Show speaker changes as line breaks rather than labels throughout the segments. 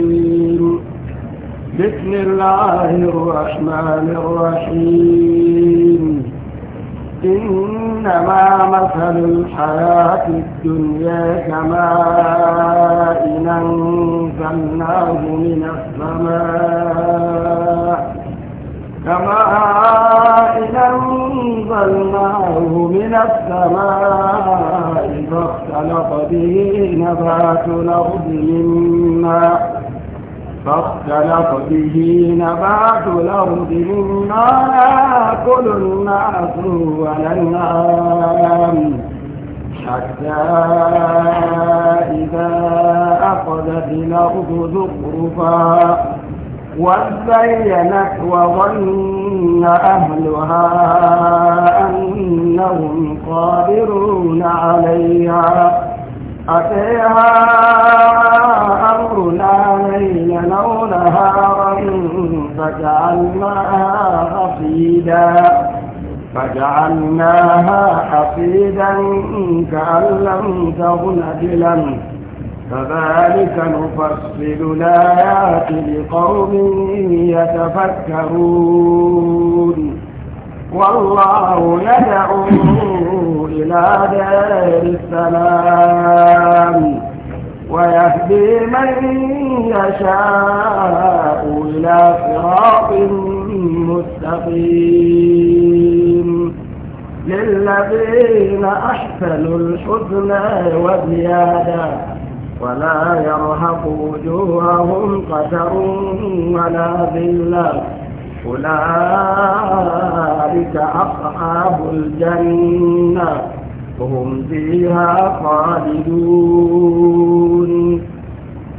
الرحيم بسم الله الرحمن الرحيم إنما مثل الحياة الدنيا كماء أنزلناه من السماء كماء أنزلناه من السماء فاختلط به نبات الأرض مما فاختلف به نبات الأرض مما يأكل الناس والأنعام حتى إذا أخذت الأرض زخرفا وزينت وظن أهلها أنهم قادرون عليها أتيها أمرنا ليلا أو نهارا فجعلناها حصيدا فجعلناها حصيدا كأن لم تغن بلم كذلك نفصل الآيات لقوم يتفكرون والله يدعو إلى دار السلام ويهدي من يشاء إلى صراط مستقيم للذين أحسنوا الحسنى وزيادة ولا يرهق وجوههم قدر ولا ذلة أولئك أصحاب الجنة هم فيها خالدون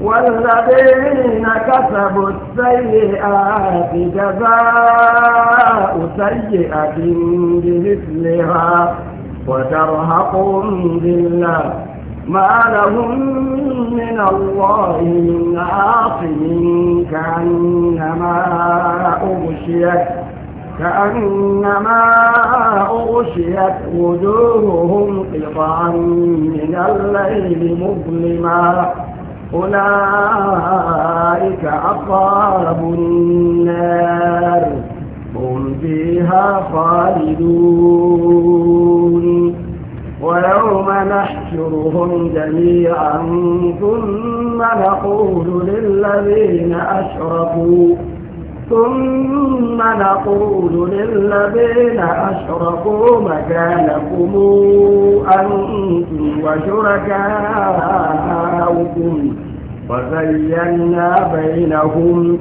والذين كسبوا السيئات جزاء سيئة بمثلها وترهقهم بالله ما لهم من الله من عاصم كأنما أغشيت كأنما أغشيت وجوههم قطعا من الليل مظلما أولئك أصحاب النار هم فيها خالدون ويوم نحشرهم جميعا ثم نقول للذين أشركوا ثم نقول للذين أشركوا مكانكم أنتم وشركاؤكم وزينا بينهم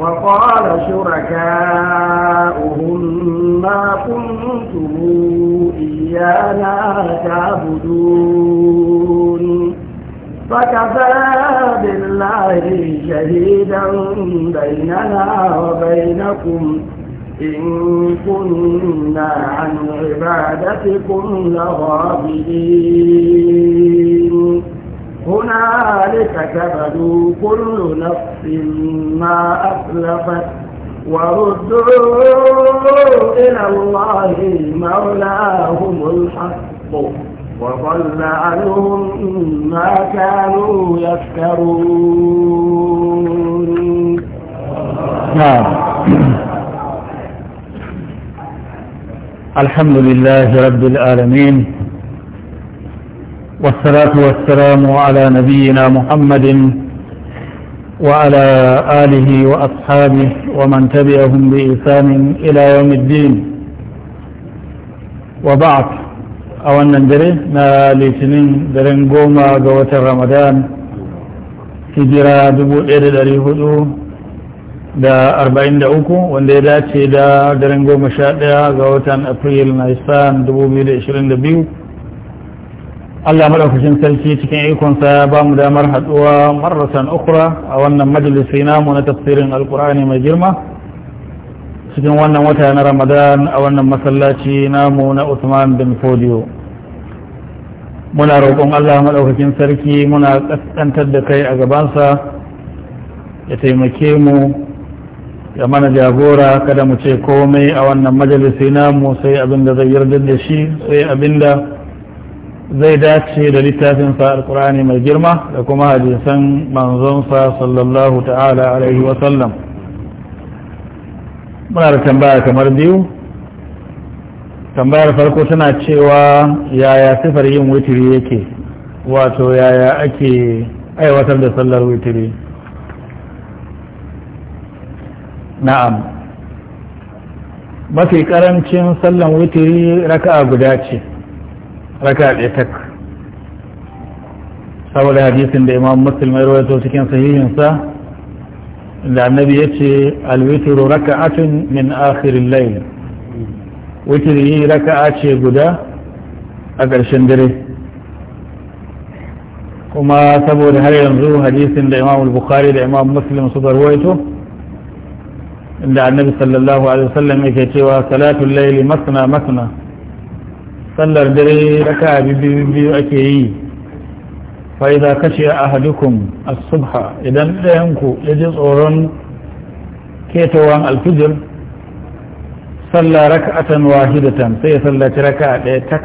وقال شركاؤهم ما كنتم إيانا تعبدون فكفى بالله شهيدا بيننا وبينكم إن كنا عن عبادتكم لغافلين هنالك تبدو كل نفس ما أسلفت وردوا إلى الله مولاهم الحق وضل عنهم ما كانوا يفترون
نعم الحمد لله رب العالمين والصلاة والسلام على نبينا محمد وعلى آله وأصحابه ومن تبعهم بإحسان إلى يوم الدين وبعد أولا دري نا لتنين درين قوما قوة رمضان hijira 1400 da 43 wanda ya dace da daren 11 ga watan april na isan 2022 Allah madaukakin sarki cikin ikonsa ba mu damar haɗuwa marasan ukura a wannan majalisi namu na tafsirin alkur'ani mai girma cikin wannan wata na ramadan a wannan masallaci namu na usman bin fodiyo muna roƙon Allah madaukakin sarki muna ƙasƙantar da kai a gabansa ya taimake mu ya mana jagora kada mu ce komai a wannan majalisi namu sai abinda zai yarda da shi sai abin da zai dace da littafin sa alkur'ani mai girma da kuma hadisan manzonsa sallallahu ta'ala alaihi wasallam muna da tambaya kamar biyu tambayar farko tana cewa yaya sifar yin witiri yake wato yaya ake aiwatar da sallar witiri na'am mafi karancin sallan witiri raka'a guda ce raka ɗaya tak saboda hadisin da imam muslim ya rawaito cikin sahihinsa da annabi ya ce alwitiru raka'atun min akhirin layl yi raka'a ce guda a ƙarshen dare kuma saboda har yanzu hadisin da imam bukhari da imam muslim suka rawaito inda annabi sallallahu alaihi wasallam yake cewa salatul layli masna masna sallar dare raka biyu ake yi fa'iza kashe a ahadukum subha idan ɗayanku ya ji tsoron ketawan alfijir sallah raka'atan wahidatan sai ya sallaci raka ɗaya tak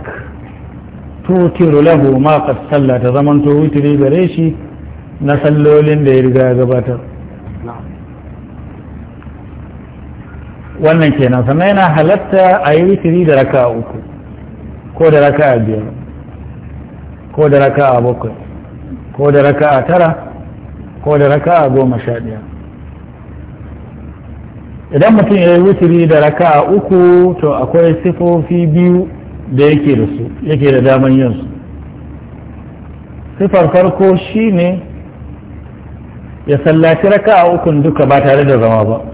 tutiru lahu ma qad ta zaman to witri gare shi na sallolin da ya riga gabatar wannan kenan sannan yana halatta a yi witri da raka uku ko da raka a biyar ko da raka a bakwai ko da raka a tara ko da raka a goma sha ɗaya idan mutum ya yi wuturi da raka a uku to akwai sifofi biyu da yake da su yake da daman yin su sifar farko ne ya sallaci raka a ukun duka ba tare da zama ba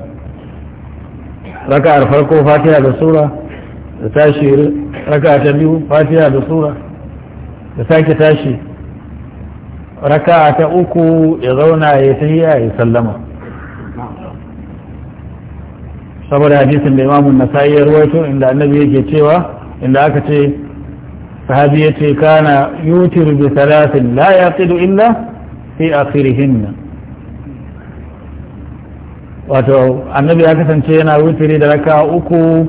Raka a farko fatiha da sura da tashi raka ta biyu fatiha da sura da sake tashi raka ta uku ya zauna ya tahiya ya sallama saboda hadisin da imamun na ya ruwaito inda annabi yake cewa inda aka ce sahabi ya ce kana yutir bi salatin la yaqidu illa fi nan wato annabi ya kasance yana wutiri da raka uku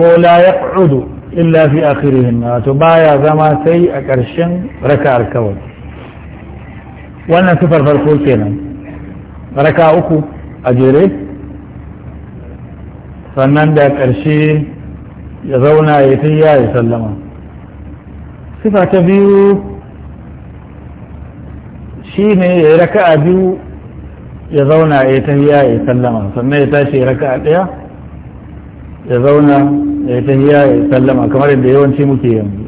ko la yaq'udu illa fi akhirihin wato baya zama sai a ƙarshen raka'ar kawai wannan sifar farko kenan raka uku a jere sannan da ƙarshe ya zauna ya fi ya yi sallama sifa ta biyu shi ne ya yi raka a biyu ya zauna ya yi ta ya yi sallama sannan ya tashi raka a ɗaya ya zauna ya tafiya ya sallama kamar yadda yawanci muke yanzu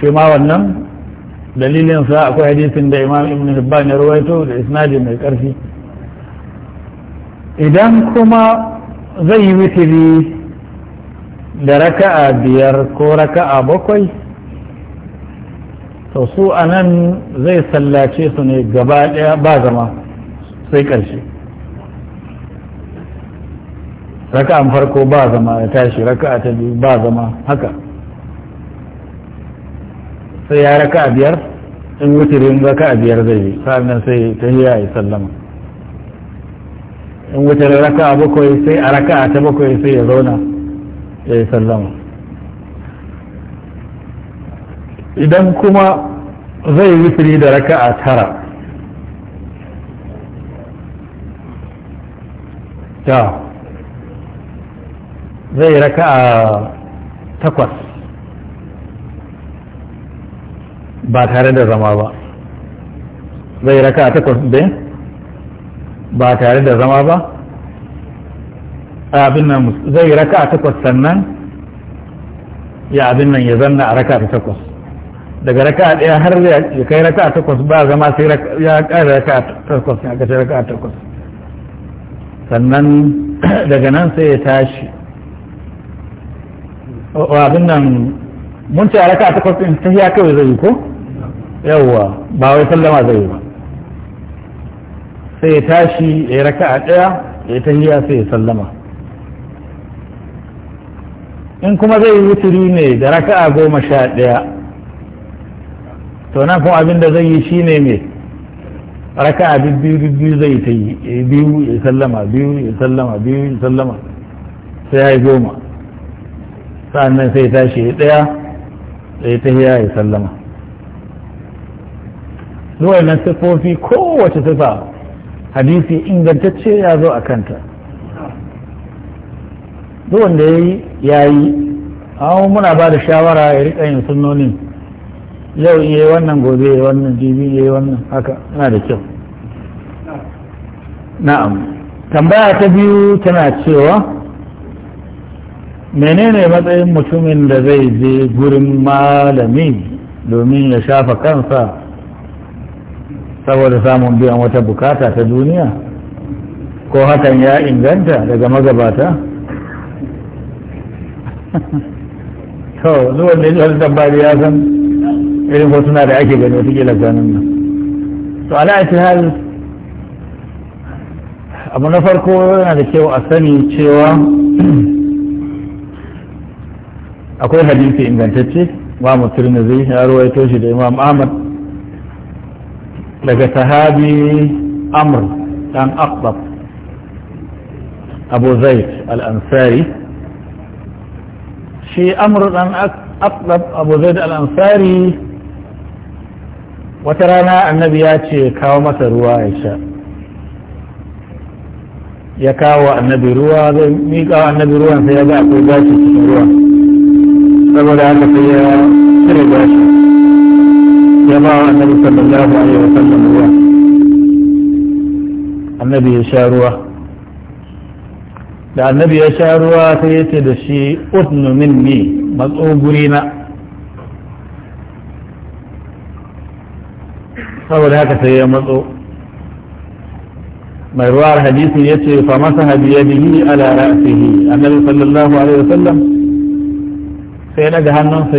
shi ma wannan dalilin sa akwai hadisin da imam ibn hibban ya ruwaito da isnadi mai ƙarfi idan kuma zai yi witiri da raka'a biyar ko raka'a bakwai to su anan zai sallace su ne gaba daya ba zama sai ƙarshe raka'an farko ba zama ya tashi raka'a ta biyu ba zama haka sai ya raka'a biyar in wutirin raka'a biyar zai yi sa'annan sai ta hiya ya sallama in wutirin raka'a bakwai sai a raka'a ta bakwai sai ya zauna ya yi sallama idan kuma zai wutiri da raka'a tara ta zai raka a takwas ba tare da zama ba zai raka a takwas ɗin ba tare da zama ba abin nan zai raka a takwas sannan ya abin nan ya zanna a raka ta takwas daga raka ɗaya har ya kai raka a takwas ba zama sai ya ƙara raka a takwas ya kashe raka a takwas sannan daga nan sai ya tashi abin nan mun ce a raka takwas ɗin ta hiya kawai zai yi ko yawwa ba wai sallama zai yi ba sai ya tashi ya raka a ɗaya ya ta hiya sai ya sallama in kuma zai yi wuturi ne da raka a goma sha ɗaya to nan kuma abin da zai yi shi ne me raka a biyu zai zai ta yi biyu ya sallama biyu ya sallama biyu ya sallama sai ya yi goma sa'annan sai tashi ya ɗaya da ya tahiya ya sallama zuwa nan siffofi kowace siffa hadisi ingantacce ya zo a kanta duk wanda ya yi ya yi amma muna ba da shawara ya riƙa yin sunnonin yau iya wannan gobe ya wannan jibi ya wannan haka yana da kyau na'am tambaya ta biyu tana cewa menene matsayin mutumin da zai je gurin malami domin ya shafa kansa saboda samun biyan wata bukata ta duniya ko hakan ya inganta daga magabata to zuwan da ya tabbari ya san irin ko suna da ake gani wata kila ganin nan to ala hal abu na farko yana da kyau a sani cewa akwai hadisi ingantacce imam tirmidhi ya rawaito shi da imam ahmad daga sahabi amr dan aqbab abu zaid al-ansari shi amr dan aqbab abu zaid al-ansari wata rana annabi ya ce kawo masa ruwa ya sha ya kawo annabi ruwa zai miƙa annabi ruwan sai ya ga akwai gashi cikin ruwa. ولعل فيها سرد اشياء يضع النبي صلى الله عليه وسلم رواه النبي شاروة لأن النبي يشاروه فيتد الشيء أثن مني مضعوبرين فقال هكذا يا مضعوب ما يروى يتشي فمسح بيده على رأسه النبي صلى الله عليه وسلم sai daga hannunsa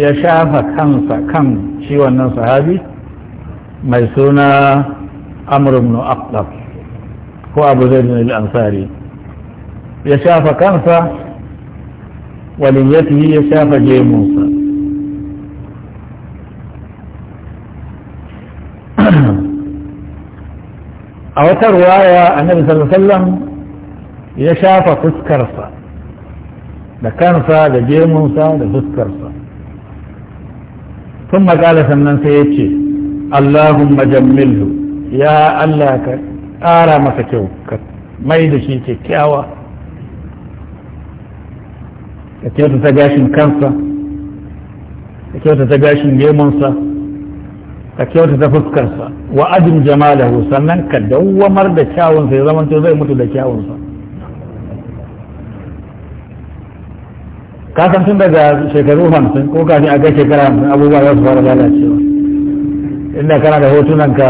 ya shafa kansa kan shi wannan sahabi mai suna amurin ibn aqdab ko abu zaid al-ansari ya shafa kansa wani ya shafa gemunsa a wata ruwaya annabi sallallahu alaihi wasallam ya shafa fuskarsa da kansa da gemunsa da fuskarsa sun makala sannan sai ya ce Allahu, Majamilu, ya allah ka ƙara masa kyau ka mai da shi kyakkyawa ka ta gashin kansa ka ta gashin gemunsa ka ta fuskarsa wa ajin jamalahu sannan ka dawwamar da kyawunsa ya zamanto zai mutu da kyawunsa ka san tun daga shekaru hamsin ko kafin a kai shekara hamsin abubuwa za su fara lalacewa inda kana da hotunan ka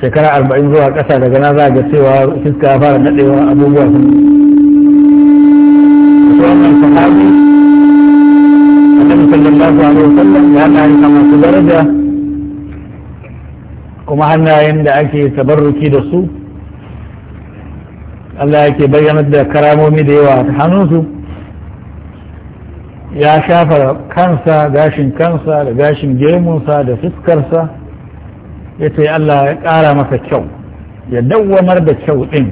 shekara arba'in zuwa ƙasa daga nan za ga cewa fiska fara naɗewa abubuwa sun wannan ya na yi su kuma hannayen da ake tabarruki da su Allah yake bayyanar da karamomi da yawa ta hannunsu ya shafa kansa gashin kansa da gashin gemunsa da fuskarsa ya ce Allah ya ƙara masa kyau ya dawwamar da kyau ɗin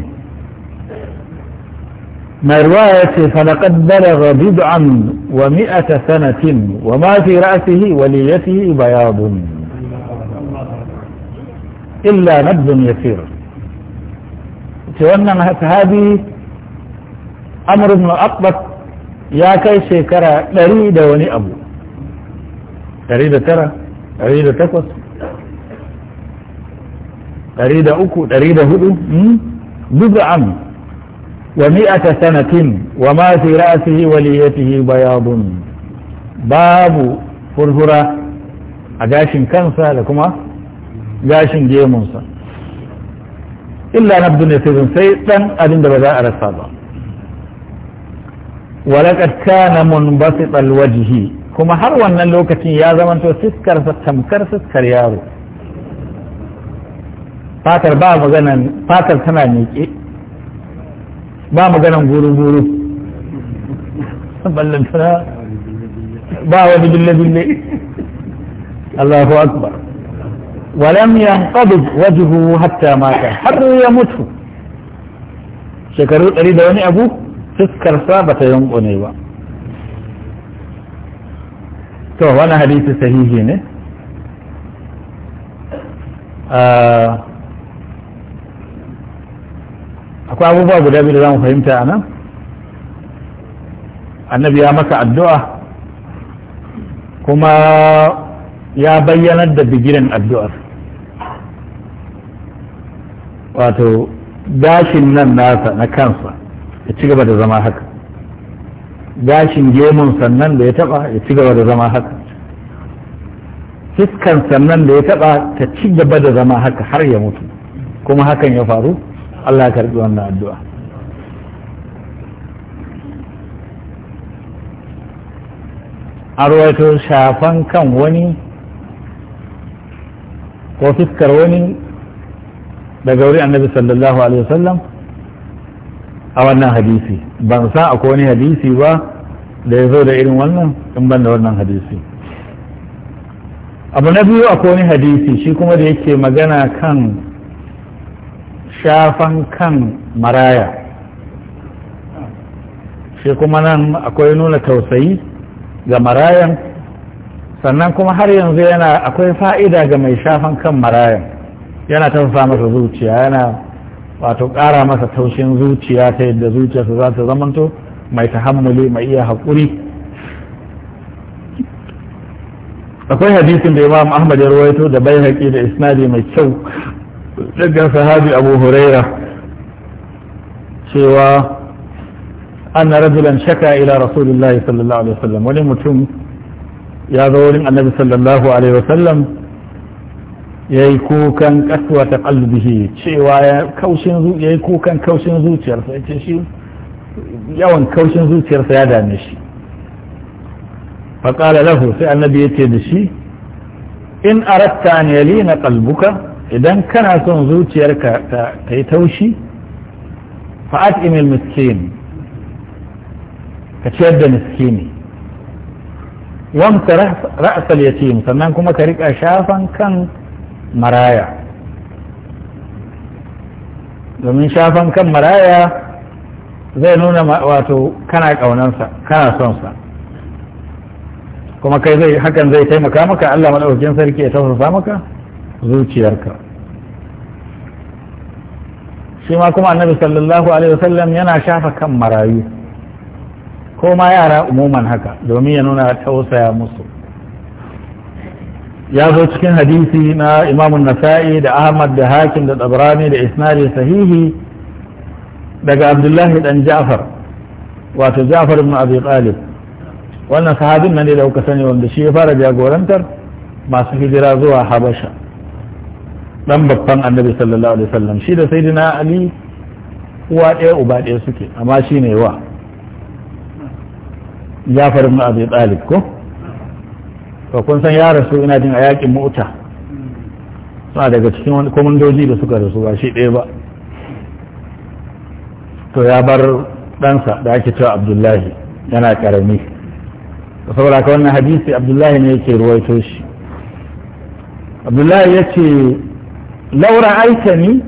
mai ruwa ya ce falakad falaƙad balaga an wa mi'ata sanatin wa ma fi ra'asihi wa liyatihi bayadun illa nadbun yasir ce wannan sahabi amr ibn aqbat ya kai shekara ɗari da wani abu ɗari da tara ɗari da takwas ɗari da uku ɗari da hudu hmm? bid'an wa mi'ata sanatin wa ma fi ra'sihi wa liyatihi bayadun babu furfura a gashin kansa da kuma gashin gemunsa illa nabdun yasirun sai dan abin da ba za a rasa ba walaqad kana munbasital wajhi kuma har wannan lokacin ya zamanto fiskar sa tamkar fiskar yaro fatar ba maganan fatar tana miƙe ba maganan guru-guru ballantana ba wani bille-bille Allahu akbar walam yanqabid wajhu hatta mata har ya mutu shekaru ɗari da wani abu fuskarsa ba ta yankune ba to wani hadisi sahihi ne akwai abubuwa guda biyu da za mu fahimta a nan annabi ya maka addu'a kuma ya bayyanar da bigiran addu'ar wato dashin nan nasa na kansa ya ci gaba da zama haka gashin gemun sannan da ya taba ya ci gaba da zama haka fiskan sannan da ya taba ta ci gaba da zama haka har ya mutu kuma hakan ya faru Allah ya karbi wannan addu'a a ruwaito shafan kan wani ko fiskar wani daga wurin annabi sallallahu alaihi wasallam a wannan hadisi ban san akwai wani hadisi ba da ya zo da irin wannan in ban da wannan hadisi abu na biyu akwai wani hadisi shi kuma da yake magana kan shafan kan maraya shi kuma nan akwai nuna tausayi ga marayan sannan kuma har yanzu yana akwai fa'ida ga mai shafan kan marayan yana tafasa masa zuciya yana wato ƙara masa taushin zuciya ta yadda zuciyarsa za ta zamanto mai tahammuli mai iya haƙuri akwai hadisin da imam ahmad ya rawaito da bai haƙi da isnadi mai kyau daga sahabi abu huraira cewa an na rajulan shaka ila rasulullahi sallallahu alaihi wasallam wani mutum ya zo wurin annabi sallallahu alaihi wasallam ya yi kukan kasuwa ta kalbihi cewa ya yi kukan kaushin zuciyarsa ya ce shi yawan kaushin zuciyarsa ya dame shi faƙala lahu sai annabi ya ce da shi in aratta ne yali na kalbuka idan kana son zuciyarka ta yi taushi fa'at imil miskin ka ciyar da miskini wamsa ra'asal yatim sannan kuma ka riƙa shafan kan maraya domin shafan kan maraya zai nuna wato kana ƙaunansa kana sonsa kuma kai zai hakan zai taimaka maka Allah maɗaukakin sarki ya tafasa maka zuciyarka shi ma kuma annabi sallallahu alaihi wasallam yana shafa kan marayu ko ma yara umuman haka domin ya nuna tausaya musu ya zo cikin hadisi na Imam nasa'i da ahmad da hakim da tsabrani da isnari sahihi daga abdullahi dan ja'far wato ja'far ibn abi talib wannan sahabin nan ne da kuka sani wanda shi ya fara jagorantar masu hijira zuwa habasha dan babban annabi sallallahu alaihi wasallam shi da sayyidina ali uwa ɗaya uba ɗaya suke amma shi ne wa ja'far ibn abi talib ko to kun san ya rasu ina jin a yakin mota suna daga cikin wani komandoji da suka rasu ba shi ɗaya ba to ya bar ɗansa da ake cewa abdullahi yana ƙarami saboda ka wannan hadisi abdullahi ne yake ruwaito shi abdullahi ya ce laura aikani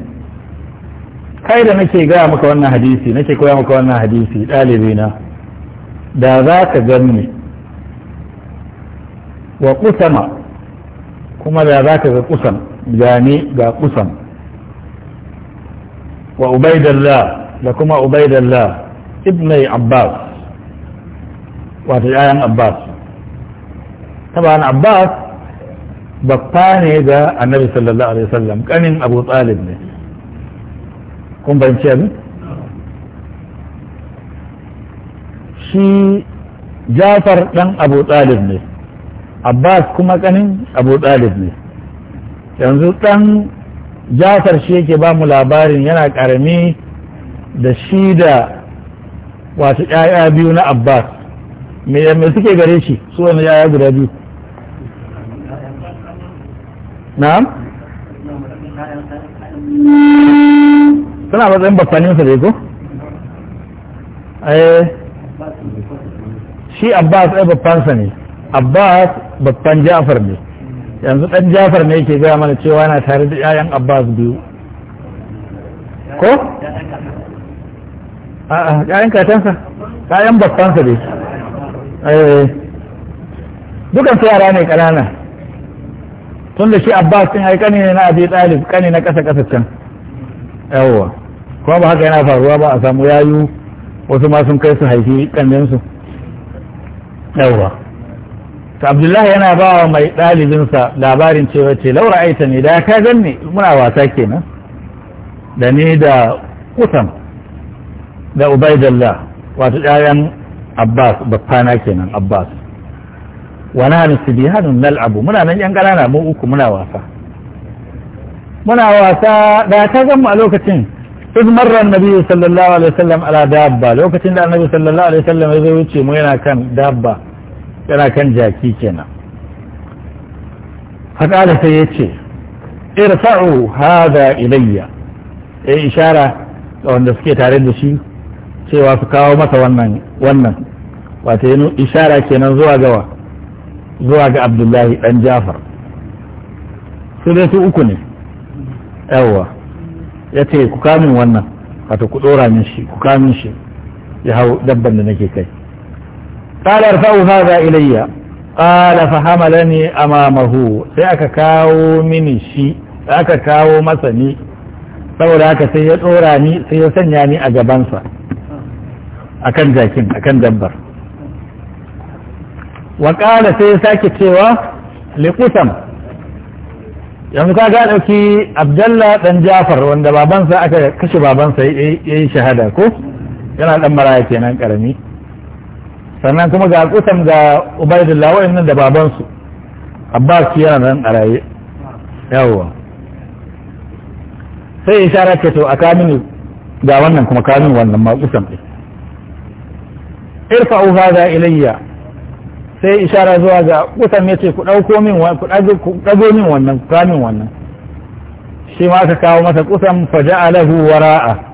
kai da nake gaya maka wannan hadisi nake koya maka wannan hadisi ɗalibina da za ka gan wa kusama kuma da za ka ga kusam gane ga kusan wa ubaidallah da kuma ubaidallah ibnai abbas wato yayan abbas taban abbas babba ne ga annabi sallallahu alaihi wasallam kanin abu talib ne kun bayanci abin shi jafar dan abu talib ne abbas kuma kanin abu ɗalib ne yanzu ɗan jafar shi yake ba mu labarin yana ƙarami da shi da wasu ƴaƴa biyu na abbas me suke gare shi su wani ƴaƴa guda biyu na'am suna matsayin bakwaninsa da ko? eh shi abbas ai sa ne abbas babban jafar ne yanzu dan jafar ne yake gaya mana cewa yana tare da 'ya'yan abbas biyu ko? ƴaƴan 'ya'yan katansa 'ya'yan babbansa ne eh. dukan su yara ne ƙanana tun da shi abbas ɗin ai ƙani ne na abi ɗalib ƙani na ƙasa-ƙasa can yawwa kuma ba haka yana faruwa ba a samu yayu wasu ma sun kai su haifi ƙanninsu yawwa to abdullahi yana ba wa mai ɗalibinsa labarin cewa ce laura aita ne da ka ne muna wasa kenan da ni da kusan da ubaidallah wato ɗayan abbas babbana kenan abbas wani hannun su biya hannun nal'abu muna nan yan ƙanana mu uku muna wasa muna wasa da ta gan mu a lokacin iz marra nabi sallallahu alaihi wasallam ala dabba lokacin da annabi sallallahu alaihi wasallam ya zai wuce mu yana kan dabba yana kan jaki kenan faƙala sai ya ce irfa'u hada ilayya ya yi ishara ga wanda suke tare da shi cewa su kawo masa wannan wannan wata yi ishara kenan zuwa gawa zuwa ga abdullahi dan jafar su da su uku ne yawwa ya ce ku kamin wannan wato ku ɗora min shi ku kamin shi ya hau dabban da nake kai قال ارفعوا هذا إلي قال فحملني mini shi من شيء سأككاو مسني saboda haka sai ya tsora ni sai ya sanya ni a gabansa akan jakin akan dabbar wa ƙala sai ya sake cewa liƙutam yanzu ka ga ɗauki Abdullah ɗan jafar wanda babansa aka kashe babansa ya yi shahada ko yana ɗan maraya kenan ƙarami sannan kuma ga kusan ga ubaidullah nan da babansu abbas yana nan a raye yawwa sai ishara ce to a kamini ga wannan kuma kamin wannan ma kusan ɗin irfa'u hada ilayya sai ishara zuwa ga kusan ya ce ku ɗauko min ku min wannan kamin wannan shi ma aka kawo masa kusan faja'alahu wara'a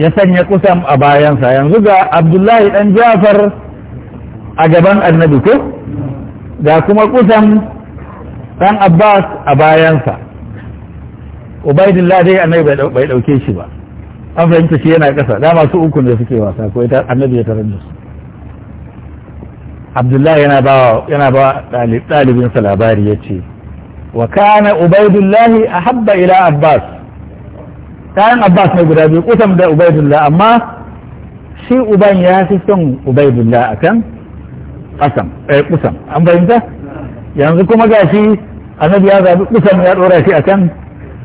ya sanya kusan a bayansa yanzu ga abdullahi dan jafar a gaban annabi ko ga kuma kusan dan abbas a bayansa ubaidillah dai annabi bai dauke shi ba an fahimta shi yana kasa da masu uku ne suke wasa ko ita annabi ya tarar da su abdullahi yana ba yana ba ɗalibinsa labari ya ce wa kana ubaidullahi ahabba ila abbas ɗayan abbas ne guda biyu kusan da ubaidullah amma shi uban ya fi son ubaidullah a kan ƙasam eh kusan an fahimta yanzu kuma ga shi annabi ya zaɓi kusan ya ɗora shi a kan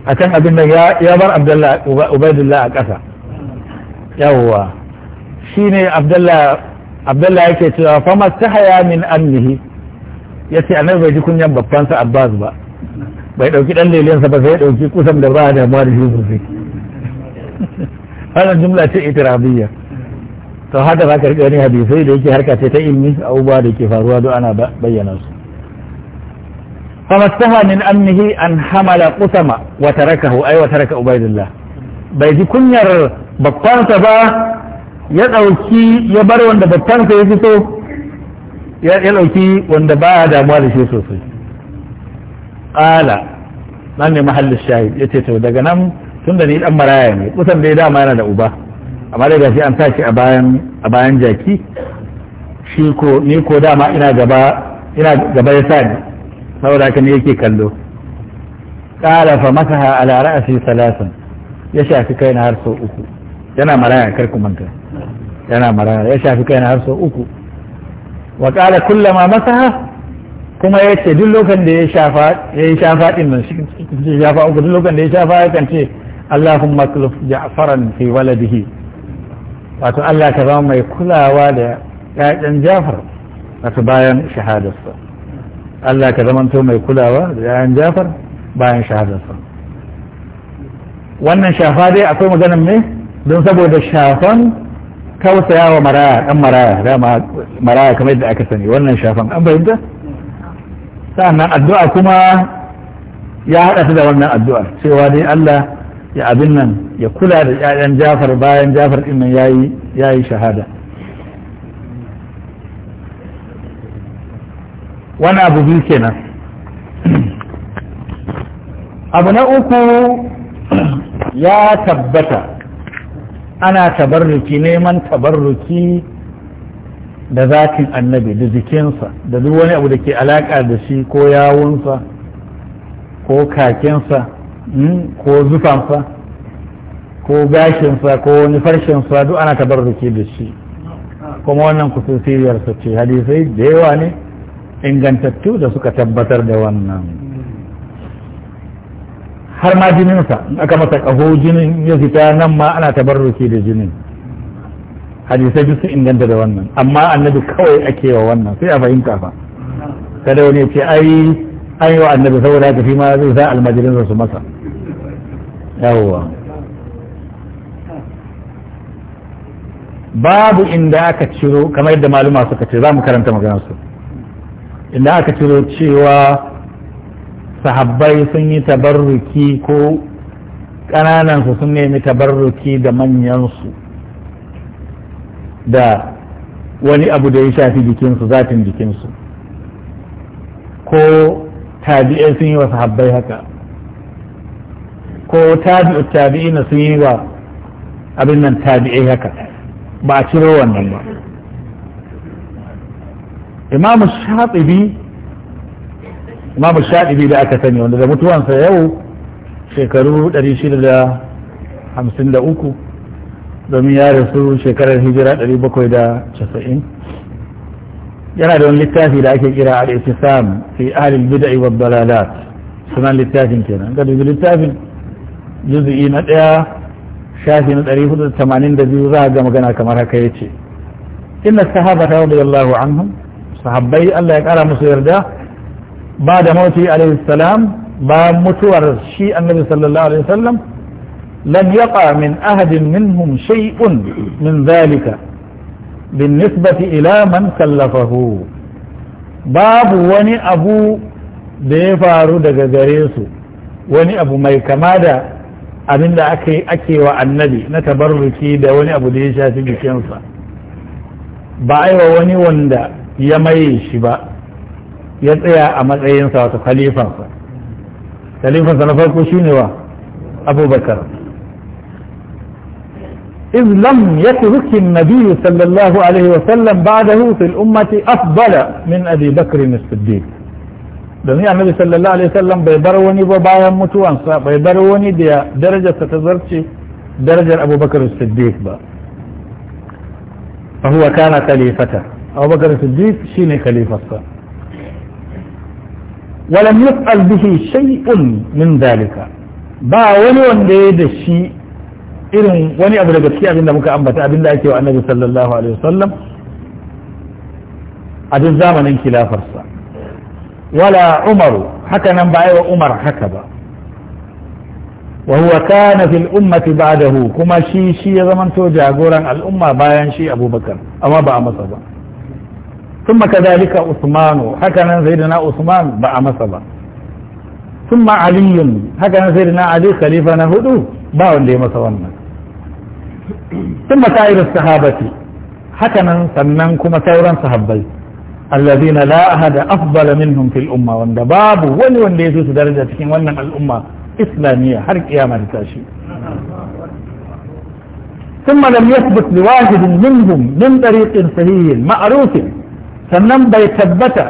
a kan abin da ya bar abdullah ubaidullah a ƙasa yawwa shi ne abdullah abdullah yake cewa fama ta haya min amnihi ya ce annabi bai ji kunyan babbansa abbas ba bai ɗauki ɗan lelensa ba sai ya ɗauki kusan da ba da damuwa da shi sosai wannan jumla ce itirabiyya to haka za ka riƙa wani hadisai da yake harka ce ta ilmi abubuwa da ke faruwa duk ana bayyana su famastaha min amnihi an hamala qusama wa tarakahu ay wa taraka ubaidillah bai ji kunyar bakkansa ba ya dauki ya bar wanda bakkansa ya fito ya dauki wanda ba damuwa da shi sosai ala nan ne mahallin shahid yace to daga nan tun da ni dan maraya ne kusan dai dama yana da uba amma dai gashi an tashi a bayan a bayan jaki shi ko ni ko dama ina gaba ina gaba ya sa ni saboda haka ne yake kallo qala fa masaha ala ra'si salasan ya shafi kaina har sau uku yana maraya kar ku manta yana maraya ya shafi kaina har sau uku wa qala kullama masaha kuma ya ce duk lokacin da ya shafa ya yi shafa din nan shi shafa uku duk lokacin da ya shafa ya kan ce Allahumma akluf ja'faran fi waladihi wato Allah ka zama mai kulawa da ƴaƴan Jafar wato bayan shahadarsa Allah ka zama zamanto mai kulawa da ƴaƴan Jafar bayan shahadarsa wannan shafa dai akwai maganin ne don saboda shafan kausaya wa maraya ɗan maraya dama maraya kamar yadda aka sani wannan shafan an fahimta sa'annan addu'a kuma ya haɗa su da wannan addu'a cewa dai Allah ya abin nan ya kula da 'ya'yan jafar bayan jafar din nan ya yi shahada wani abu biyu kenan abu na uku ya tabbata ana tabarruki neman tabarruki da zakin annabi da jikinsa da duk wani abu da ke alaƙa da shi ko yawunsa ko kakensa Hmm? ko zufansa ko gashinsa ko wani farshensa duk ana tabarruki da shi kuma wannan kusurciyarsa ce hadisai da yawa ne ingantattu da suka tabbatar da wannan har ma jininsa aka masa ƙaho jinin ya fita nan ma ana tabarruki da jinin hadisai duk sun inganta da wannan amma annabi kawai ake wa wannan sai a fahimta fa kada wani ce ai an yi wa annabi saboda haka fi ma zai sa almajirinsa su masa yawwa babu inda aka ciro kamar yadda maluma suka ce za mu karanta maganarsu inda aka ciro cewa sahabbai sun yi tabarruki ko ƙananansu sun nemi tabarruki da manyan su da wani abu da ya shafi jikinsu zatin jikinsu ko tabi'ai sun yi wa sahabbai haka ko tabi'i tabi'ina sun yi wa abin nan tabi'ai haka ba a ciro wannan ba imam shatibi imam da aka sani wanda da mutuwansa yau shekaru 653 domin ya rasu shekarar hijira 790 yana da wani littafi da ake kira al-istisam fi ahli al-bid'ah wa dalalat sunan littafin kenan ga littafin juzu'i na ɗaya shafi na ɗari hudu da tamanin da biyu za a ga magana kamar haka ya ce inna sahaba ta wadda yallahu anhum sahabbai Allah ya ƙara musu yarda ba da mauti alaihi salam ba mutuwar shi annabi sallallahu alaihi wasallam lam yaqa min ahadin minhum shay'un min zalika بالنسبة إلى من كلفه باب وني أبو da ya faru daga gare su wani abu mai kama abinda ake ake wa annabi na tabarruki da wani abu da ya shafi jikinsa ba a yi wa wani wanda ya maye shi ba ya tsaya a matsayinsa wato khalifansa khalifansa na farko shi ne wa abubakar إذ لم يترك النبي صلى الله عليه وسلم بعده في الأمة أفضل من أبي بكر الصديق domin annabi sallallahu alaihi wasallam bai bar wani ba bayan mutuwansa bai bar wani da darajarsa ta zarce darajar abubakar siddiq ba fa huwa kana khalifata abubakar siddiq shine khalifarsa ولم يفعل به شيء من ذلك ba wani wanda ya da shi irin wani abu daga cikin abinda muka ambata abinda ake wa annabi sallallahu alaihi wasallam a duk zamanin khilafarsa ولا عمر حكى ننبعي عمر حكى وهو كان في الأمة بعده كما شي شي زمن توجع قولا الأمة باين شي أبو بكر أما باع مصبا ثم كذلك عثمان حكى نزيرنا عثمان باع مصبا ثم علي حكى نزيرنا علي خليفة نهدو باع لي مصبا ثم سائر الصحابة حكى نسمنكم سورا صحبيت allazina la ahada afdala minhum fil wanda babu wani wanda ya su daraja cikin wannan al'umma islamiyya har kiyama ta tashi ثم لم يثبت لواحد منهم من طريق صحيح معروف sannan bai tabbata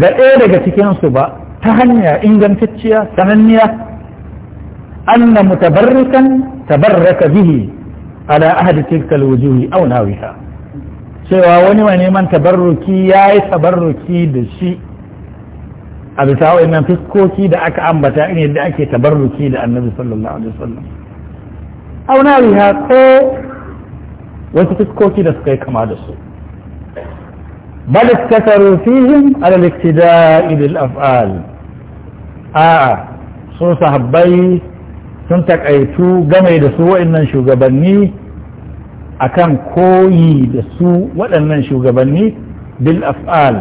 gaɗe ɗaya daga cikinsu ba ta hanya ingantacciya sananniya anna mutabarrikan tabarraka bihi ala ahadi tilkal wujuhi aw nawiha cewa wani mai neman tabarruki ya yi tabarruki da shi a bisa wa'annan fiskoki da aka ambata in yadda ake tabarruki da annabi sallallahu alaihi wasallam
auna riha ko
wasu fiskoki da suka yi kama da su bal iskasaru fihim ala al-iktida'i bil af'al a'a sun sahabbai sun takaitu game da su wa'annan shugabanni akan koyi da su waɗannan shugabanni bil af'al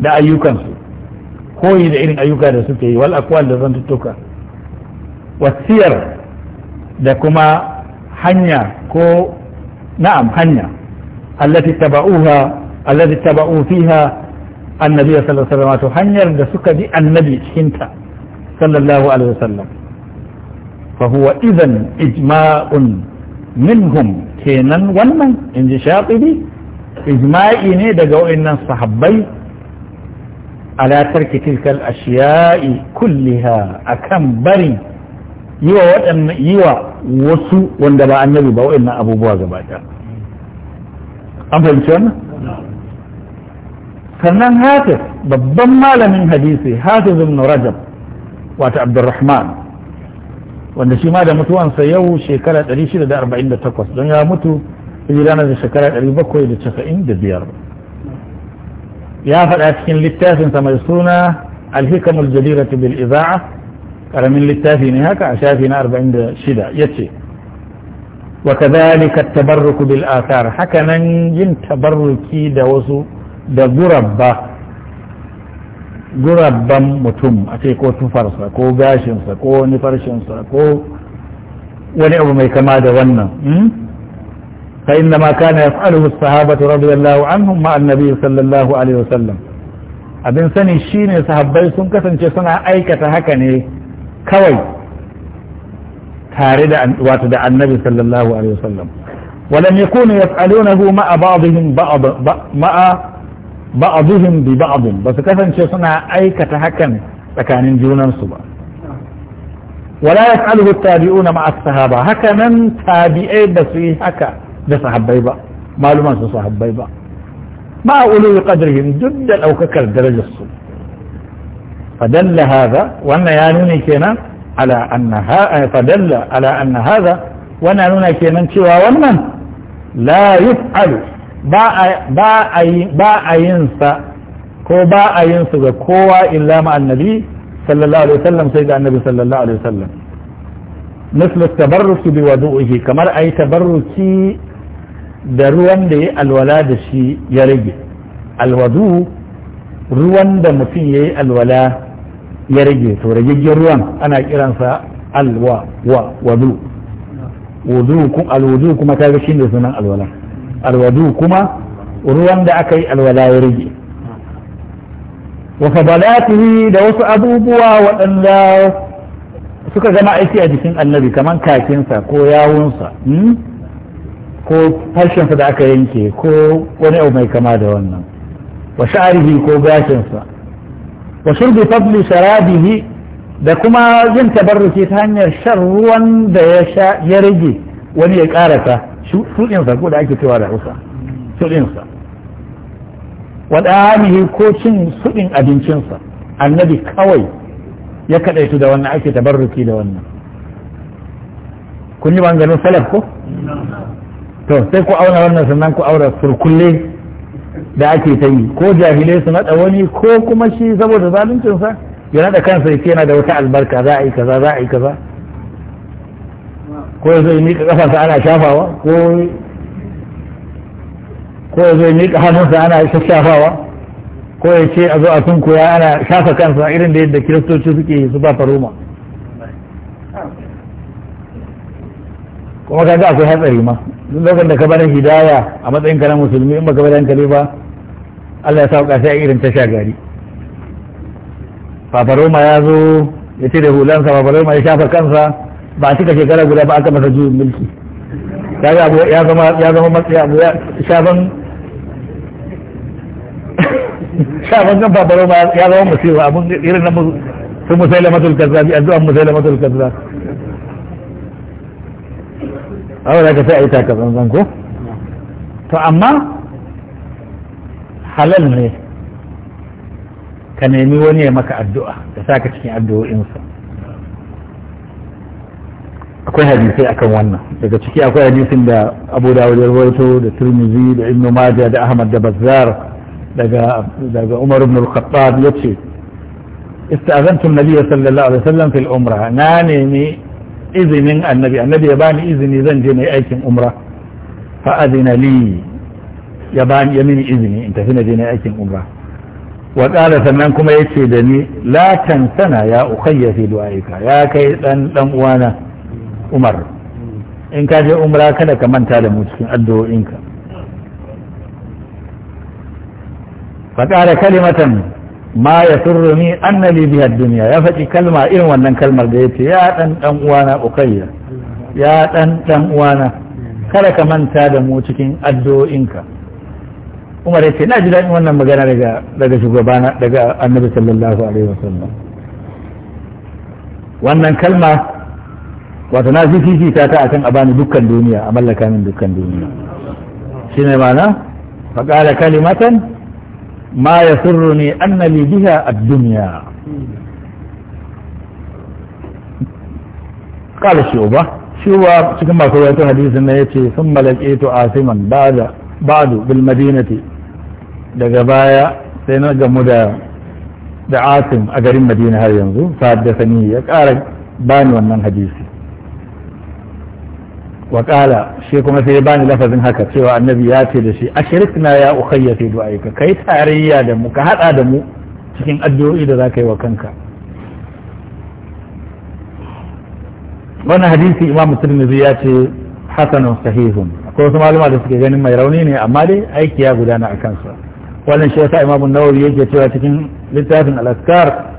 da ayyukansu koyi da irin ayyuka da suke yi wal akwal da zantuttuka wasiyar da kuma hanya ko na'am hanya allati taba'uha allati taba'u fiha annabi sallallahu alaihi wasallam hanyar da suka bi annabi cikinta sallallahu alaihi wasallam fa huwa idan ijma'un minhum kenan wannan in ji shafiɗi ijma'i ne daga wa'annan sahabbai ala tarki tilkal ashiya'i kulliha akan bari yi wa yi wa wasu wanda ba annabi ba wa'annan abubuwa gaba an fahimci wannan sannan hafiz babban malamin hadisi hafiz ibn rajab wato abdurrahman wanda shi ma da mutuwansa yau shekara 648 don ya mutu ranar da shekara 795 ya faɗa cikin littafinsa mai suna alhikamul jadiratu bil iza'a karamin littafi ne haka a shafi na 46 ya ce wa kadhalika tabarruku tabarruk bil athar nan yin tabarruki da wasu da gurabba gurabban mutum a ce ko tufarsa ko gashinsa ko wani farshinsa ko wani abu mai kama da wannan hmm? fa inna ma kana yaf'aluhu as-sahabatu radiyallahu anhum ma annabi sallallahu alaihi wasallam abin sani shi ne sahabbai sun kasance suna aikata haka ne kawai tare da wata da annabi sallallahu alaihi wasallam ولم يكونوا يفعلونه مع بعضهم بعض مع بعضهم ببعض بس كفن شو صنع اي كتحكم فكان جونا صبا ولا يفعله التابعون مع الصحابة هكا من بس بسوي هكا بصحاب بيبا معلومة صحاب بيبا ما أولو قدرهم جدا أو ككل درجة الصبا فدل هذا وأن يانوني كنا على أن ها فدل على أن هذا وانا يانوني كنا شوا ومن لا يفعله ba a yin sa ko ba a yin su ga kowa illa ma annabi sallallahu alaihi wasallam sai ga annabi sallallahu alaihi wasallam mislu tabarruki bi wudu'ihi kamar ayi tabarruki da ruwan da ya alwala da shi ya rage alwadu ruwan da mutum ya yi alwala ya rage to rageggen ruwan ana kiransa alwa wa wadu wudu alwudu kuma ta ga shi ne sunan alwala alwadu kuma ruwan da aka yi alwala ya rage wa da wasu abubuwa waɗanda suka zama aiki a jikin annabi kamar kakinsa ko yawunsa hmm? ko harshensa da aka yanke ko wani abu mai kama da wannan wa sha'arihi ko gashinsa wa shurbi fadli sharabihi da kuma yin tabarruki ta hanyar shan ruwan da ya rage wani ya karasa su suɗinsa ko da ake cewa da hausa suɗinsa waɗanihi ko cin suɗin abincinsa annabi kawai ya kaɗaitu da wannan ake tabarruki da wannan kun yi bangarin salaf ko to sai ku auna wannan sannan ku aura surkulle da ake ta yi ko jahilai su naɗa wani ko kuma shi saboda zaluncinsa ya naɗa kansa ya ce yana da wata albarka za a yi kaza za a yi kaza ko ya zai miƙa ƙafarsa ana shafawa ko ya zai miƙa hannunsa ana shafawa ko ya ce a zo a sun koya ana shafa kansa irin da yadda kiristoci suke su ba faroma kuma ga akwai hatsari ma duk lokacin da ka bani hidaya a matsayin ka na musulmi in baka bar hankali ba Allah ya sa ka sai irin tasha gari fafaroma ya zo ya ce da hulansa fafaroma ya shafa kansa ba cika shekara guda ba aka masa juyin mulki ya zama ya zama ya abu ya shafan shafan kan babaro ba ya zama wa abun irin na sun musaila matul kaza bi musai da matul kaza
awa da ka sai a yi
takazan ko to amma halal ne ka nemi wani ya maka addu'a ka sa ka cikin addu'o'insa akwai hadisai akan wannan daga ciki akwai hadisin da abu dawud ya rawaito da tirmizi da ibnu majah da ahmad da bazzar daga daga umar ibn al-khattab yace istazantu an-nabiy sallallahu alaihi wasallam fil umra na nemi izinin annabi annabi ya bani izini zan je mai aikin umra fa adina li ya bani ya mini izini in tafi na je mai aikin umra wa qala sannan kuma yace da ni la tansana ya ukhayya fi du'aika ya kai dan dan uwana umar in ka je umra kada ka manta da mu cikin addu'o'inka faƙara kalimatan ma ya surruni annali biyar duniya ya faɗi kalma irin wannan kalmar da ya ce ya ɗan ɗan uwana ukayya ya ɗan ɗan uwana kada ka manta da mu cikin addu'o'inka umar ya ce na ji daɗin wannan magana daga daga shugabana daga annabi sallallahu alaihi wasallam wannan kalma wato na fi fifita ta akan a bani dukkan duniya a mallaka min dukkan duniya shi ne mana faƙala kalimatan ma ya sirru ne anna biha a duniya ƙala shi uba shi uba cikin masu rawaito hadisi na ya ce sun malake to asiman ba'adu bil madinati daga baya sai na gamu da da asim a garin madina har yanzu sa'ad da sani ya ƙara bani wannan hadisi waƙala shi kuma sai bani lafazin haka cewa annabi ya ce da shi na ya ukhayya fi du'aika kai tarayya da mu ka hada da mu cikin addu'o'i da zaka yi wa kanka wannan hadisi imam tirmidhi ya ce hasanun sahihun akwai wasu maluma da suke ganin mai rauni ne amma dai aiki ya gudana a kansa wannan shi yasa imam nawawi yake cewa cikin littafin al-azkar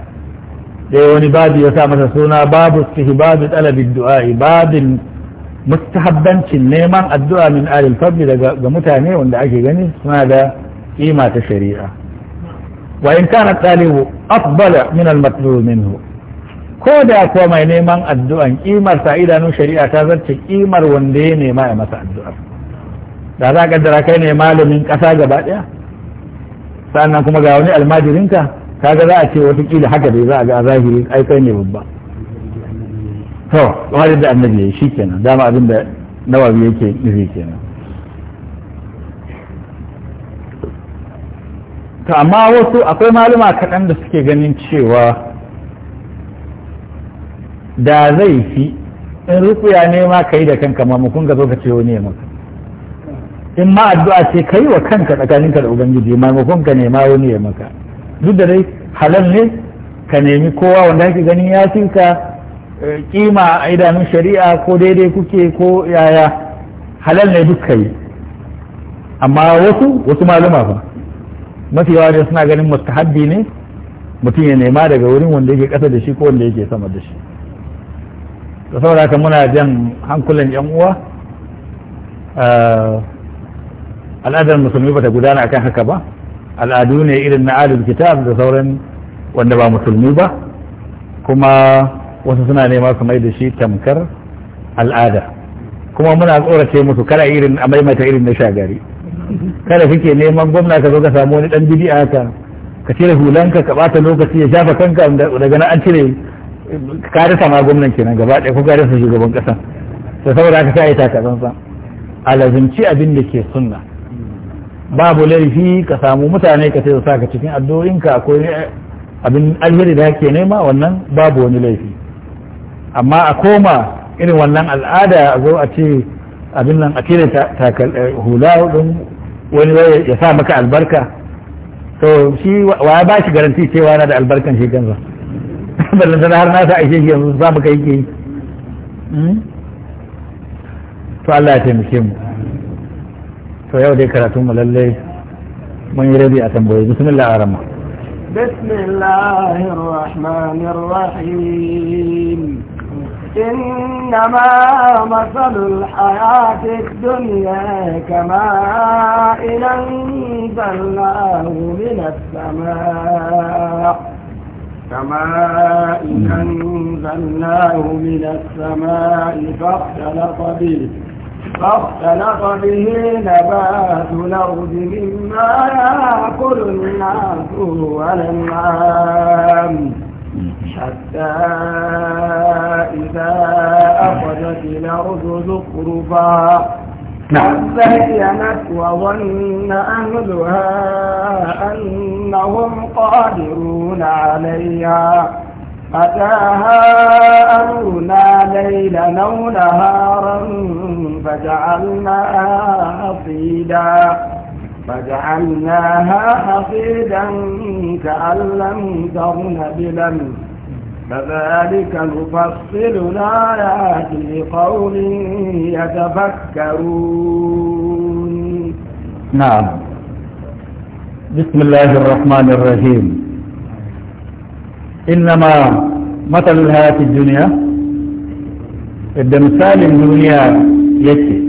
wani babu ya sa masa suna babu istihbab talabi du'a babin mustahabbancin neman addu'a min alil fadli daga ga mutane wanda ake gani suna da kima ta shari'a wa in kana talibu afdala min al matlub minhu ko da ko mai neman addu'an kimar sa idanun shari'a ta zarce kimar wanda ya nema ya masa addu'a da za ka dara kai ne malamin kasa gaba daya sannan kuma ga wani almajirinka kaga za a ce wata kila haka dai za a ga zahiri ai kai ne babba to kamar yadda annabi ya yi shi kenan dama abin da nawawi yake nufi kenan to amma wasu akwai maluma kaɗan da suke ganin cewa da zai fi in rukuya ne ma ka yi da kanka ma mukun ka zo ka ce wani ya maka in ma addu'a ce ka yi wa kanka tsakaninka da ubangiji ma mukun ka ma wani ya maka duk da dai halal ne ka nemi kowa wanda kake ganin ya fi ka Eh, kima a idanun shari'a ko daidai kuke ko yaya halal ne duk yi amma wasu wasu malama ba mafi yawa ne suna ganin mustahabbi ne mutum ya nema daga wurin wanda yake kasa da shi ko wanda yake sama da shi da saboda ka muna jan hankulan yan uwa eh, al'adar musulmi bata gudana akan haka ba al'adu ne irin na alul kitab da sauran wanda ba musulmi ba kuma wasu suna nema su mai da shi tamkar al'ada kuma muna tsorace musu kada irin a maimaita irin na shagari kada kake neman gwamna ka zo ka samu wani dan bidi'a ka ka cire hulanka ka bata lokaci ya shafa kanka daga nan an cire ka rasa ma gwamnan kenan gaba ɗaya ko ka rasa shugaban ƙasa to saboda haka sai ta a alazumci abin da ke sunna babu laifi ka samu mutane ka sai saka cikin addu'o'inka akwai abin alheri da kake nema wannan babu wani laifi amma a koma irin wannan al'ada a zo a ce abin nan a cire eh, hula din wani ya sa maka albarka to shi wa ba shi garanti cewa na da albarkan shi kansa ballan sana har nasa aishe shi yanzu za mu kai ke hmm? to Allah ya taimake mu to yau dai karatun mu lallai mun yi rabi a tambayoyi bismillah arama
بسم الله الرحمن الرحيم إنما مثل الحياة الدنيا كماء أنزلناه من السماء كماء أنزلناه من السماء فاختلط به فاختلط به نبات الأرض مما يأكل الناس والأنعام حتى إذا أخذت الأرض زخرفا نعم وظن أهلها أنهم قادرون عليها أتاها أمرنا ليلا أو نهارا فجعلناها حصيدا فجعلناها حصيدا كأن لم تغن بلمس كذلك نفصل الآيات لقوم يتفكرون
نعم بسم الله الرحمن الرحيم إنما مثل الحياة الدنيا إذا مثال الدنيا يكفي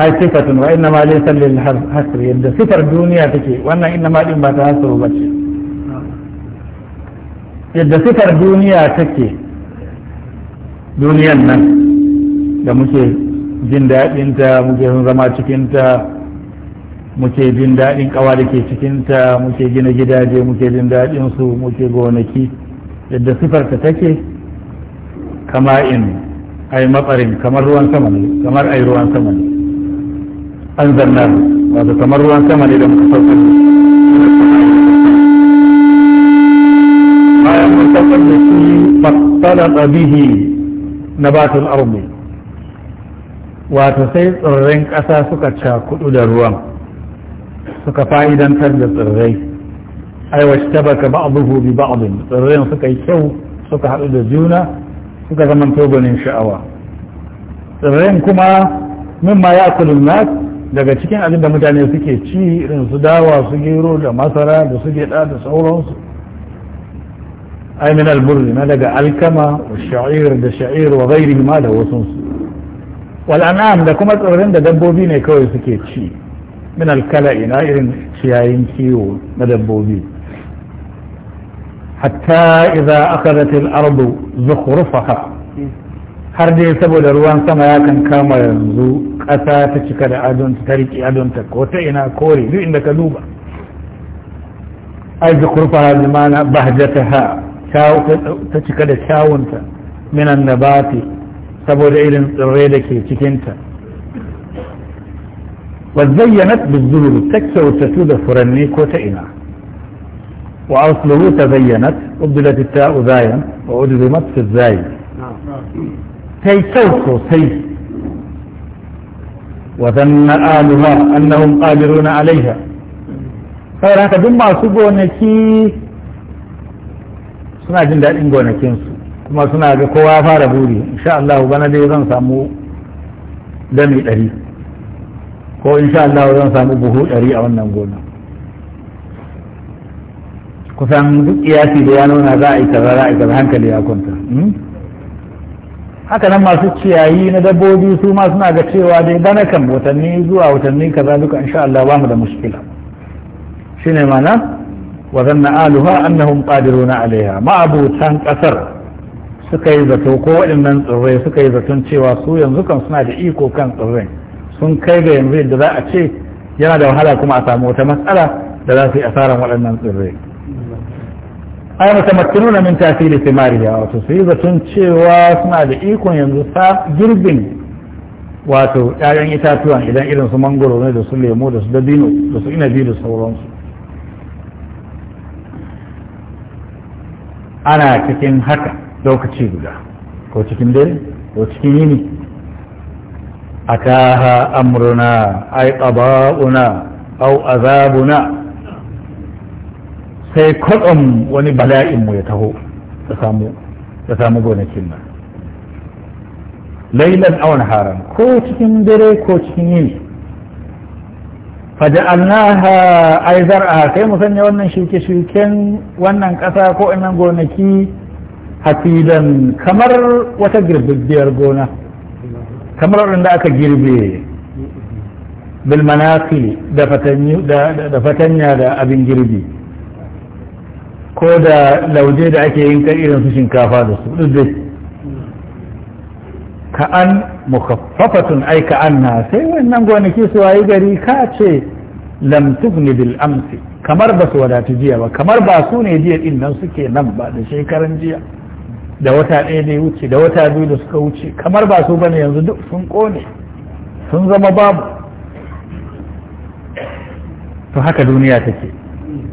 أي صفة وإنما ليس للحسر إذا صفر الدنيا تكي وأن إنما لما تحسر بشر yadda sifar duniya take duniyan nan da muke jin daɗinta muke zama cikinta muke jin daɗin ƙawa da ke cikinta muke gina gidaje muke jin daɗinsu muke gonaki yadda ta take kama in ai matsarin kamar ruwan sama ne kamar ai ruwan sama ne an zanna wato kamar ruwan sama ne da muka saukar فانطلق به نبات الأرض وتسيد الرنك أسا سكتشا كل سكا سكفائدا ترد الرغي أي واشتبك بعضه ببعض الرين سكا سكحر الجونة سكا من توبا إن شاء الله الرين كما مما يأكل الناس daga cikin abin da mutane suke ci irin su dawa su gero da masara da su geda da sauransu ai min alburri na daga alkama wa sha'ir da sha'ir wa ghairi ma da wasu wal an'am da kuma tsirrin da dabbobi ne kawai suke ci min alkala'i ina irin ciyayin kiwo na dabbobi hatta idza akhadhat al-ardu zukhrufaha har dai saboda ruwan sama ya kan kama yanzu ƙasa ta cika da adonta ta riƙe adonta ko ta ina kore duk inda ka duba ai zukhrufaha bi ma'ana bahjataha ta cika da kyawunta minan da bafi saboda irin tsirrai da ke cikinta wa zayyana bizuru ta kyautatu da furanni ko ta ina wa asluhu ta zayyana ubdilati ta uzayan wa udzimat fi zayi ta yi kyau sosai wa zanna aluha annahum qadiruna alaiha sai duk masu gonaki suna jin daɗin gonakinsu kuma suna ga kowa ya fara buri insha Allah bana dai zan samu dami ɗari ko insha Allah zan samu buhu ɗari a wannan gona kusan duk iyasi da ya nuna za a yi kaza za a yi kaza hankali ya kwanta hmm? haka nan masu ciyayi na dabbobi su ma suna ga cewa dai bana kan watanni zuwa watanni kaza duka insha Allah ba da mushkila shine mana. wa zanna annahun annahum na alaiha ma'abutan kasar suka yi zato ko waɗannan tsirrai suka yi zaton cewa su yanzu kan suna da iko kan tsirrai sun kai ga yanzu yadda za a ce yana da wahala kuma a sami wata matsala da za su yi asaran waɗannan tsirrai ai mutamakkinuna min tasiri thimariya wato su yi zaton cewa suna da ikon yanzu sa girbin wato 'ya'yan itatuwan idan irin su mangoro ne da su lemo da su dabino da su inabi da sauransu ana cikin haka lokaci guda ko cikin dare ko cikin yini ha amruna ay qada'una au azabuna sai kodon wani bala'in mu ya taho ta samu ta samu gonakin nan lailan awon haram ko cikin dare ko cikin yini faja'alnaha ai a kai mu sanya wannan shuke-shuken wannan ƙasa ko inan gonaki hafidan kamar wata girbibbiyar gona kamar wanda aka girbe bil da fatanya da abin girbi ko da lauje da ake yin kan irin su shinkafa da su duk ka an mukaffafatun aika anna sai wannan gonaki su wayi gari ka ce lam tugni bil amsi kamar ba su wadatu jiya ba kamar ba su ne jiya din nan suke nan ba da shekaran jiya da wata ɗaya da wuce da wata biyu da suka wuce kamar ba su bane yanzu duk sun kone sun zama babu to haka duniya take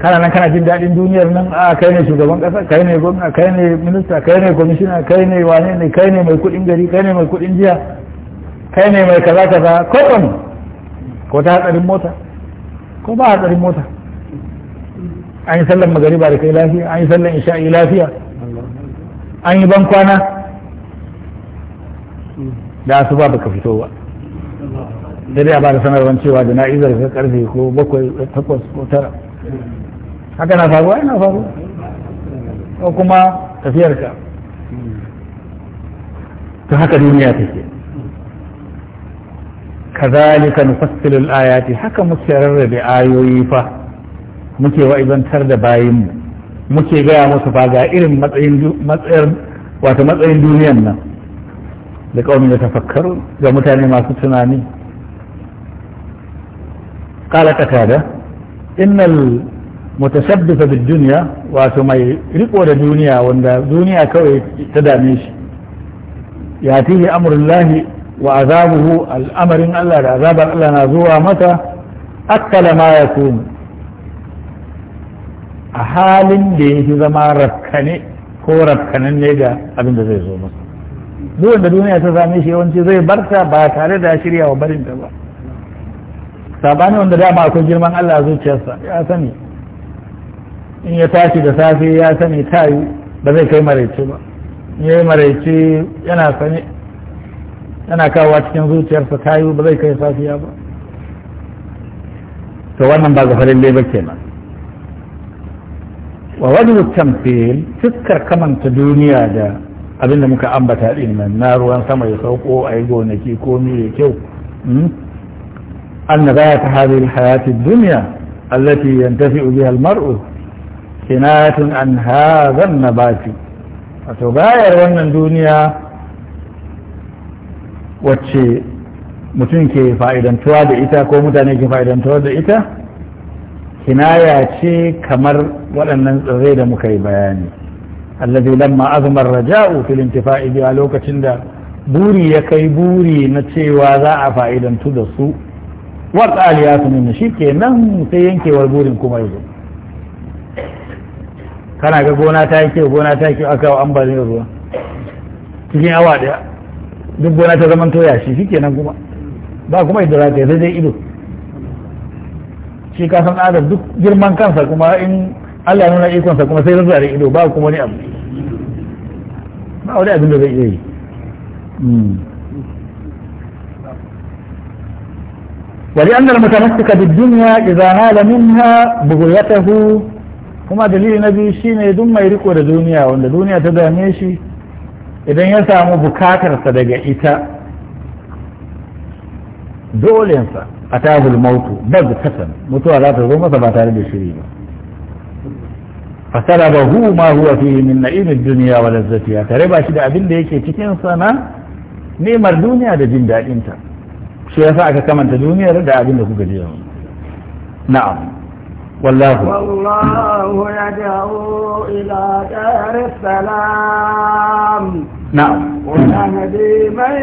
kana nan kana jin daɗin duniyar nan a kai ne shugaban ƙasa kai ne gwamna kai ne minista kai ne kwamishina kai ne wane ne kai ne mai kuɗin gari kai ne mai kuɗin jiya kai ne mai kaza kaza ko ɗan ko ta hatsarin mota ko ba hatsarin mota an yi sallan magariba da kai lafiya an yi sallan isha'i lafiya an yi ban kwana da su ba baka fito ba da dai a ba da sanarwar cewa da na'izar ka karfe ko bakwai takwas ko tara haka na faruwa yana faruwa ko kuma tafiyarka ta haka duniya take كذلك نفصل الآيات حكا مسيرر بآيوي فا مكي وإذن ترد بايم مكي غيا مصفا غائر مطعين واتمطعين دونينا لقوم يتفكرون ومتاني ما ستناني قال قتادة إن المتشبث بالدنيا واتما يرقوا لدنيا وان دنيا كوي تدانيش يأتيه أمر الله wa azabuhu al'amarin Allah da azabar Allah na zuwa mata akkala ma ya a halin da ya fi zama rakkane ko rakkanen ne ga abin da zai zo masa duk wanda duniya ta same shi yawanci zai barta ba tare da shirya wa barin ta ba sabani wanda dama akwai girman Allah zuciyarsa ya sani in ya tashi da safe ya sani yi ba zai kai maraice ba in ya yi maraice yana sani yana kawo cikin zuciyarsa ta yi ba zai kai safiya ba to wannan ba zafarin ba kenan wa wajen tamfil fuskar kamanta duniya da abinda muka ambata din nan na ruwan sama ya sauko a yi gonaki ko mi da kyau hmm? an na gaya ta hali hayatin duniya allati yantafi biha almar'u kinatun an hadhan nabati wato bayar wannan duniya wacce mutum ke fa'idantuwa da ita ko mutane ke fa'idantuwa da ita kinaya ce kamar waɗannan tsirrai da muka yi bayani allazi lamma azumar raja'u fil intifa'i a lokacin da buri ya kai buri na cewa za a fa'idantu da su wata ya ne shi ke nan sai yankewar burin kuma yanzu kana ga gona ta yi kyau gona ta yi kyau aka ambaliyar ruwa cikin awa daya duk gona ta zaman toya shi shi kenan kuma ba kuma yadda za ka yi sai ido shi ka san adam duk girman kansa kuma in Allah nuna ikonsa kuma sai zai da ido ba kuma wani abu ba wani abin da zai iya yi ولأن المتمسك بالدنيا ha هال ya بغيته kuma dalili na biyu shine duk mai riko da duniya wanda duniya ta dame shi idan ya samu bukatarsa daga ita dolensa a tahul mautu bag kasan mutuwa za ta zo masa ba tare da shiri ba fasara ba hu ma huwa fihi min na'imin duniya wa lazzatiya tare ba shi da abin da yake cikin sana nemar duniya da jin daɗinta shi yasa aka kamanta duniyar da abin da kuka ji na'am والله
والله يدعو إلى دار السلام نعم
ويهدي
من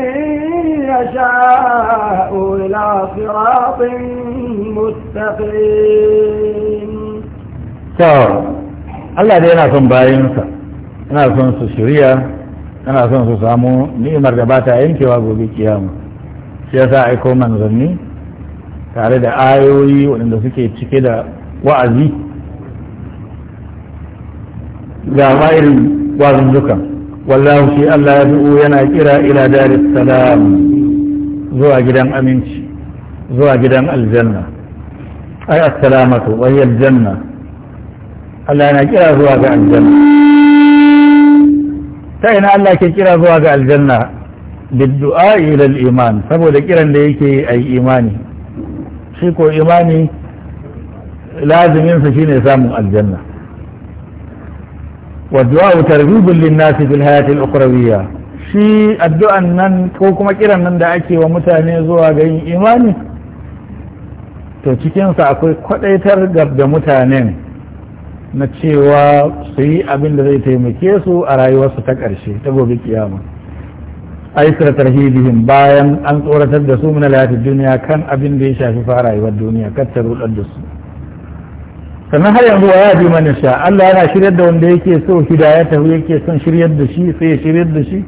يشاء إلى صراط مستقيم
Allah dai yana son bayansa yana son su shirya yana son su samu ni'imar da ba ta yankewa gobe kiyama shi yasa aiko manzanni tare da ayoyi waɗanda suke cike da wa'azi ga ma irin wazin duka wallahu shi Allah ya du'u yana kira ila daris salam zuwa gidan aminci zuwa gidan aljanna Ai assalamatu wa hiya aljanna Allah yana kira zuwa ga aljanna ta ina Allah ke kira zuwa ga aljanna biddu'a ila al-iman saboda kiran da yake ai imani shi ko imani shi shine samun aljanna والدعاء ترغيب للناس في الحياة ukrawiya shi addu'an nan ko kuma kiran nan da ake wa mutane zuwa ga yin imani to cikinsa akwai kwadaitar da mutanen na cewa su yi abin da zai taimake su a rayuwarsu ta ƙarshe ta gobe kiyama aisra tarhibihim bayan an tsoratar da su min hayatid duniya kan abin da ya shafi fara rayuwar duniya kar ta rudar da su sannan har yanzu waya bi man sha Allah yana shiryar da wanda yake so ta yake son shiryar da shi sai ya shiryar da shi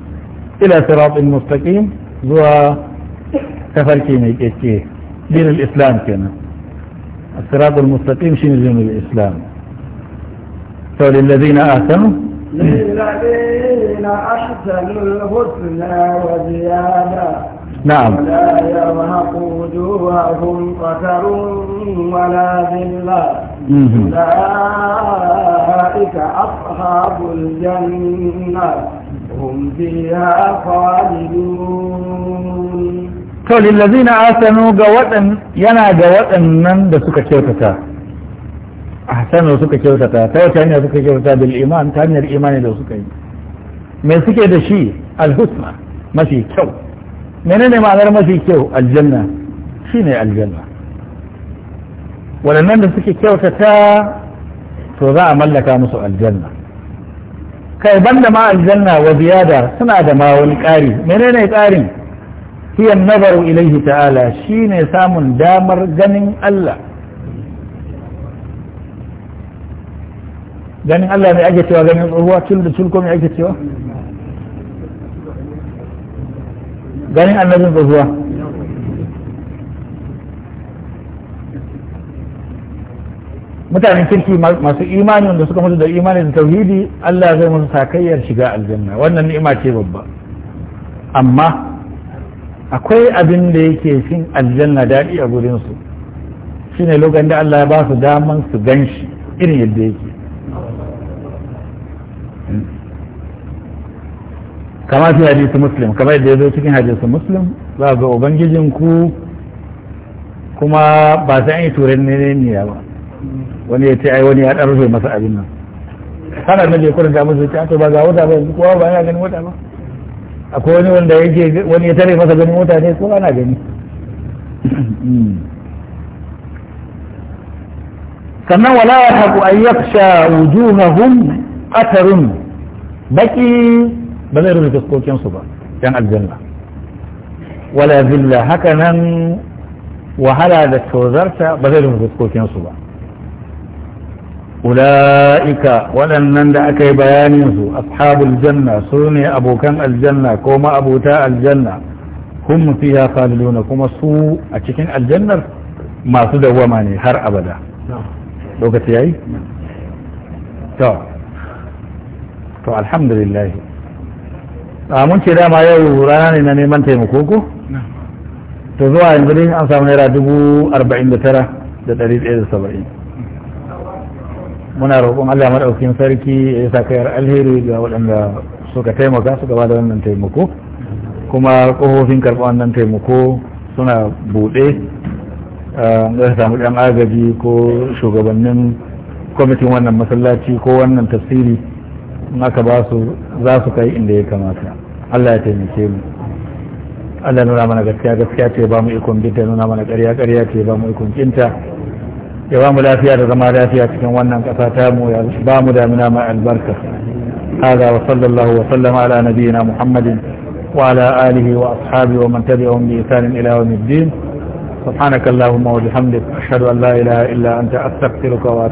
ila siratin mustaqim zuwa tafarki mai kyakke din al-islam kenan siratul mustaqim shine din al-islam to lil ladina ahsanu
نعم ولا يرهق وجوههم قتر ولا ذلة أولئك أصحاب الجنة هم فيها خالدون
قال الذين آسنوا جواتن ينا جواتن من دسوك الشيطة أحسن دسوك الشيطة تاو تاني دسوك الشيطة بالإيمان تاني الإيمان دسوك من سوك دشي الحسنة ما في كو من أنا ما أنا ما في كو الجنة شنو الجنة waɗannan da suke kyautata to za a mallaka musu aljanna kai banda ma aljanna wa ziyada suna da ma wani ƙari menene ƙarin hiyan nazaru ilaihi ta'ala shine samun damar ganin Allah ganin Allah ne ake cewa ganin ruwa tun da tulko ne ake cewa ganin annabin tsohuwa mutanen kirki masu imani wanda suka mutu da imani da tauhidi Allah zai musu sakayyar shiga aljanna wannan ni'ima ce babba amma akwai abin da yake cin aljanna daɗi a gurin su shine lokacin da Allah ya ba su daman su ganshi. irin yadda yake kama fi hadisi muslim kamar yadda ya zo cikin hadisi muslim za ga ubangijinku kuma ba sai an yi turai ne ne ba wani ya ce ai wani ya dan rufe masa abin nan kana nan da ya kuranta musu ta to ba ga wata ba ko ba yana ganin wata ba akwai wani wanda yake wani ya tare masa ganin wata ne ko ana gani sannan wala ya haku an yaksha wujuhahum qatarun baki ba zai rufe fuskokin su ba yan aljanna wala zilla haka nan wahala da tozarta ba zai rufe fuskokin su ba ula'ika waɗannan da aka yi bayanin su ashabul janna su ne abokan aljanna ko ma'abuta aljanna hum fiha khaliduna kuma su a cikin aljannar masu dawwama ne har abada lokaci yayi to to alhamdulillahi, mun ce dama yau rana ne na neman taimako ko to zuwa yanzu dai an samu naira dubu arba'in da tara da ɗari ɗaya da saba'in muna roƙon Allah maɗaukin sarki ya sa kayar alheri ga waɗanda suka taimaka suka ba da wannan taimako kuma ƙofofin karɓar wannan taimako suna buɗe za su samu ɗan agaji ko shugabannin kwamitin wannan masallaci ko wannan tafsiri in aka ba su za su kai inda ya kamata Allah ya taimake mu Allah nuna mana gaskiya gaskiya ce ba mu ikon bidda nuna mana ƙarya ƙarya ce ba mu ikon kinta ya ba mu lafiya da zama lafiya cikin wannan ƙasa ta mu ya ba mu damina mai albarka hada wa sallallahu wa sallama ala nabiyina muhammadin wa ala alihi wa ashabi wa man tabi'ahum bi ihsan ila yawm الدين سبحانك اللهم وبحمدك اشهد ان لا اله الا انت استغفرك واتوب